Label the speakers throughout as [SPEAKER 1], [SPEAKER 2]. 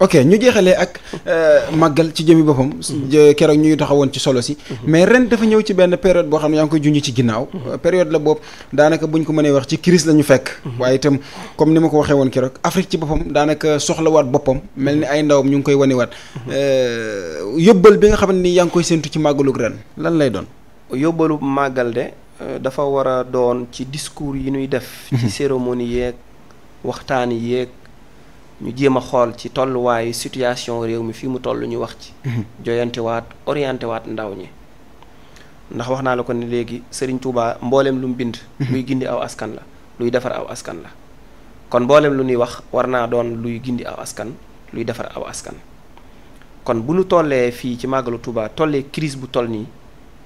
[SPEAKER 1] ok ñu jeexalee ak euh, màggal ci jëmi boppam. Mhm. keroog ñu taxawoon ci solo si. Mhm. mais ren dafa ñëw ci benn période boo xam ne yaa ngi koy junj ci ginnaaw. Mhm. Euh, période la boobu daanaka buñ ko mënee wax ci crise la ñu fekk. waaye itam comme ni ma ko waxee woon keroog Afrique ci boppam daanaka soxlawaat boppam mel ni ay ndawam ñu ngi koy wane wanewaat. Euh, yóbbal bi nga xam ni yaa ngi koy séntu ci màggalug ren
[SPEAKER 2] lan lay doon. yóbbalu màggal de dafa war a doon ci discours yi ñuy def. ci cérémonie yeeg waxtaan yeeg. ñu jéem a xool ci tolluwaayu situation réew mi fii mu toll ñu wax ci. Mhm. joyante waat orienté waat ndaw ñi. ndax wax naa la ko ne léegi sëriñ Touba mbooleem lu mu bind. Mhm. luy gindi aw askan la luy defar aw askan la kon mboolem lu ñuy wax war naa doon luy gindi aw askan luy defar aw askan. kon bu ñu tollee fii ci màggalu Touba tollee crise bu tol nii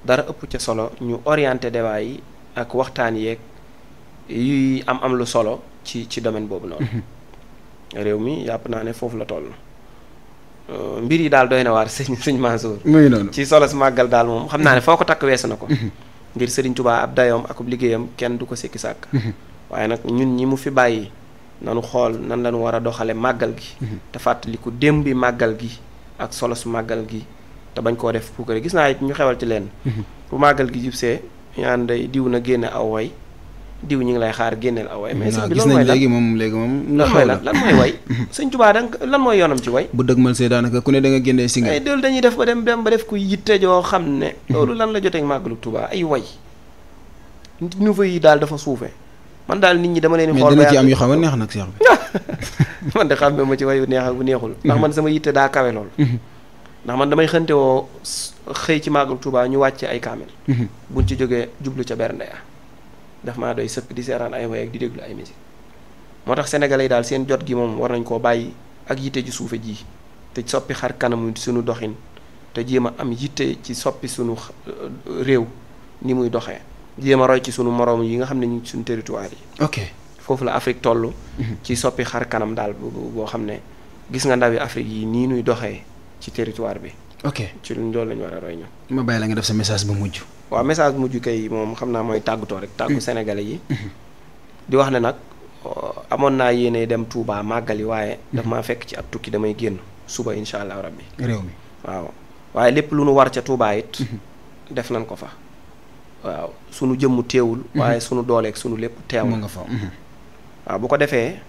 [SPEAKER 2] dara ëpp ca solo ñu orienté débat yi ak waxtaan yeeg yuy am am lu solo ci ci domaine boobu noonu. Mhm. réew mi yàpp naa ne foofu la toll. Euh, mbir yi daal doy na waar sëñ sëñ Mansour. muy noonu ci solos màggal daal moom xam naa ne mhm. foo ko takk weesu na ko. Mhm. ngir Serigne Touba ab dayoom akub liggéeyam kenn du ko sekki sàkk. Mhm. waaye nag ñun ñi mu fi bàyyi nanu xool nan lañu war a doxale màggal gi. te fàttaliku démb bi màggal gi ak solos màggal gi te bañ koo def puukare gis naa it ñu xewal ci leen. bu màggal gi jubsee ñaan day diw na génne aw way diw ñu ngi lay xaar génneel aw way mais sëñ bi lan mooy léegi moom léegi moom lan mooy lan lan mooy way sëñ Tuubaa danga lan mooy yoonam ci way bu dëgmal see daanaka ku ne da nga génnee si nga ay doolu dañuy def ba dem dem ba def ku yitte joo xam ne loolu lan la jotee màggalu Tuubaa ay way niveau yi daal dafa suufe man daal nit ñi dama leen xool mais dina ci am yu xaw a
[SPEAKER 1] neex nag seex bi
[SPEAKER 2] man de xam ne ma ci wayu neex ak bu neexul ndax man sama yitte daa kawe lool mhm. ndax man damay xënte woo xëy ci màggalu Tuubaa ñu wàcce ay kaamel mhm. buñ ci jógee jublu ca bernde ya daf maa doy sëkk di seeraan ay way ak di déglu ay musique moo tax sénégalais yi daal seen jot gi moom war nañ koo bàyyi ak yitte ci suufe ji te soppi xar kanamu suñu doxin te jéem a am yitte ci soppi suñu euh, réew ni muy doxee jéem a roy ci suñu moroom yi nga xam ne ñu suñu territoire yi ok foofu la Afrique toll mhm. ci soppi xar kanam daal boo xam ne gis nga ndawi Afrique yi nii nuy doxee ci territoire bi ok ci loolu la lañu war a roy ñoom.
[SPEAKER 1] ma bàyyi la nga def sa message bu mujj.
[SPEAKER 2] waaw message bu mujj kay moom xam naa mooy tàggatoo rek. tàggu mm-hmm. sénégalais yi. Mm-hmm. di wax ne nag amoon naa yéene dem tuubaa màggal yi waaye. Mm-hmm. daf maa fekk ci ab tukki damay génn suba incha allah rabbi. réew mi waaw waaye lépp lu nu war ca Touba it. def nañ ko fa. waaw sunu jëmm teewul. waaye sunu dooleek sunu lépp teew. mu nga fa waaw bu ko defee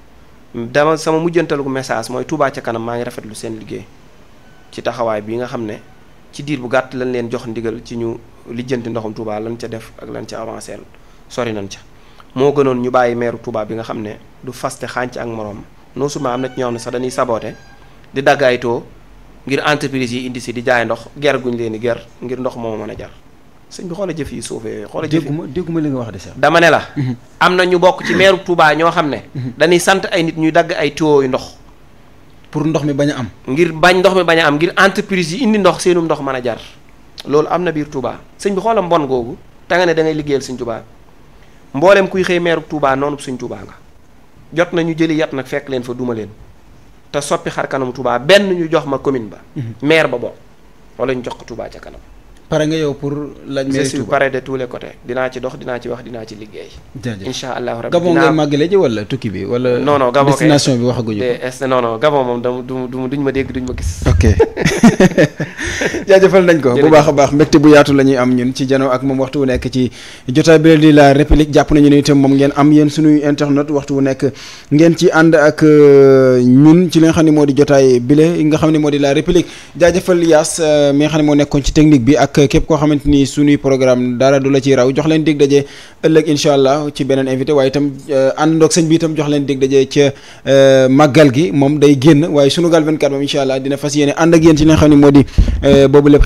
[SPEAKER 2] dama sama mujjantalu message mooy Touba kanam maa ngi rafetlu seen liggéey. ci taxawaay bi nga xam ne ci diir bu gàtt lañ leen jox ndigal ci ñu lijjanti ndoxum Touba lan ca def ak lan ca avancé sori nañ ca moo gënoon ñu bàyyi meeru Touba bi nga xam ne du faste xànc ak moroom non ma am na ci ñoo xam ne sax dañuy saboote di dagg ay taux ngir entreprise yi indi si di jaay ndox ger guñ leen di ger ngir ndox moo mën a jar suñ bi xoola jëf yi suufee xool a jëf dégguma
[SPEAKER 1] dégguma li nga wax de sax dama ne la
[SPEAKER 2] mhm. am na ñu bokk ci meeru Touba ñoo xam ne mhm. dañuy sant ay nit ñuy dagg ay taux ndox
[SPEAKER 1] pour ndox mi bañ a
[SPEAKER 2] am. ngir bañ ndox mi bañ a am ngir entreprise yi indi ndox seenum ndox mën a jar loolu am na biir Touba sëñ bi xoolam mbon googu ta nga ne da ngay liggéeyal sëñ Touba mboolem kuy xëy meeru Touba noonu sëñ Touba nga jot na ñu jëli yat nag fekk leen fa duma leen te soppi xar kanam Touba benn ñu jox ma commune ba. Mhm. maire ba bokk wala ñu jox ko Touba ca kanam.
[SPEAKER 1] pare nga yow pour
[SPEAKER 2] laaj. je suis pare de tous les dinaa ci dox dinaa ci wax dinaa ci liggéey. jaajëf incha allahu rabi gabon ngay màggale ji wala tukki bi wala. non non gabon destination bi waxaguñu ko. Eh, non non gabon moom dama du duñ ma dégg duñ ma gis. ok
[SPEAKER 1] jaajëfal nañ ko bu baax a baax mbégte bu yaatu la ñuy am ñun ci jano ak moom waxtu wu nekk ci jotaay bi di la république jàpp nañu ne tam moom ngeen am yéen suñuy internet waxtu wu nekk ngeen ci ànd ak euh, ñun ci li nga xam ne moo di jotaay bile nga xam ne moo di laa république jaajëfal yaas euh, mi nga xam ne moo nekkoon ci technique bi ak képp koo xamante ni suñuy programme dara du la ciy raw jox leen dig daje ëllëg incha allah ci beneen invité waaye itam euh, àndandoog sëñ bi itam jox leen dig daje ca euh, màggal gi moom day génn waaye Sunugal 24 moom incha allah dina fas yéene ànd ak yéen ci li nga xam ne moo di euh, boobu lépp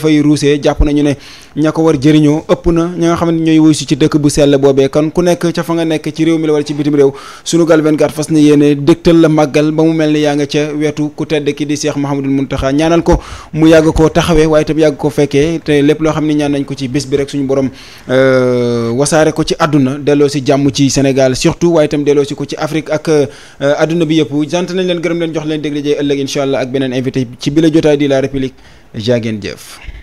[SPEAKER 1] fay ruusee jàpp nañu ne ña ko war jëriñoo ëpp na ña nga xam ne ñooy wuy si ci dëkk bu sell boobee kon ku nekk ca fa nga nekk ci réew mi la wala ci bitim réew Sunugal 24 fas na yéene dëgtal la ba mu mel ni yaa nga ca wetu ku tedd ki di Cheikh Mouhamadoul Mountakha ñaanal ko mu yàgg koo taxawee waaye tamit yàgg ko fekkee te lépp loo xam ne ñaan nañ ko ci bés bi rek suñu borom euh, wasaare ko ci àdduna delloo si jàmm ci Sénégal surtout waaye itam delloo si ko ci Afrique ak euh, àdduna bi yëpp sant nañ leen gërëm leen jox leen déglu jee ëllëg incha allah ak beneen invité ci bila la jotaay di la république jaa ngeen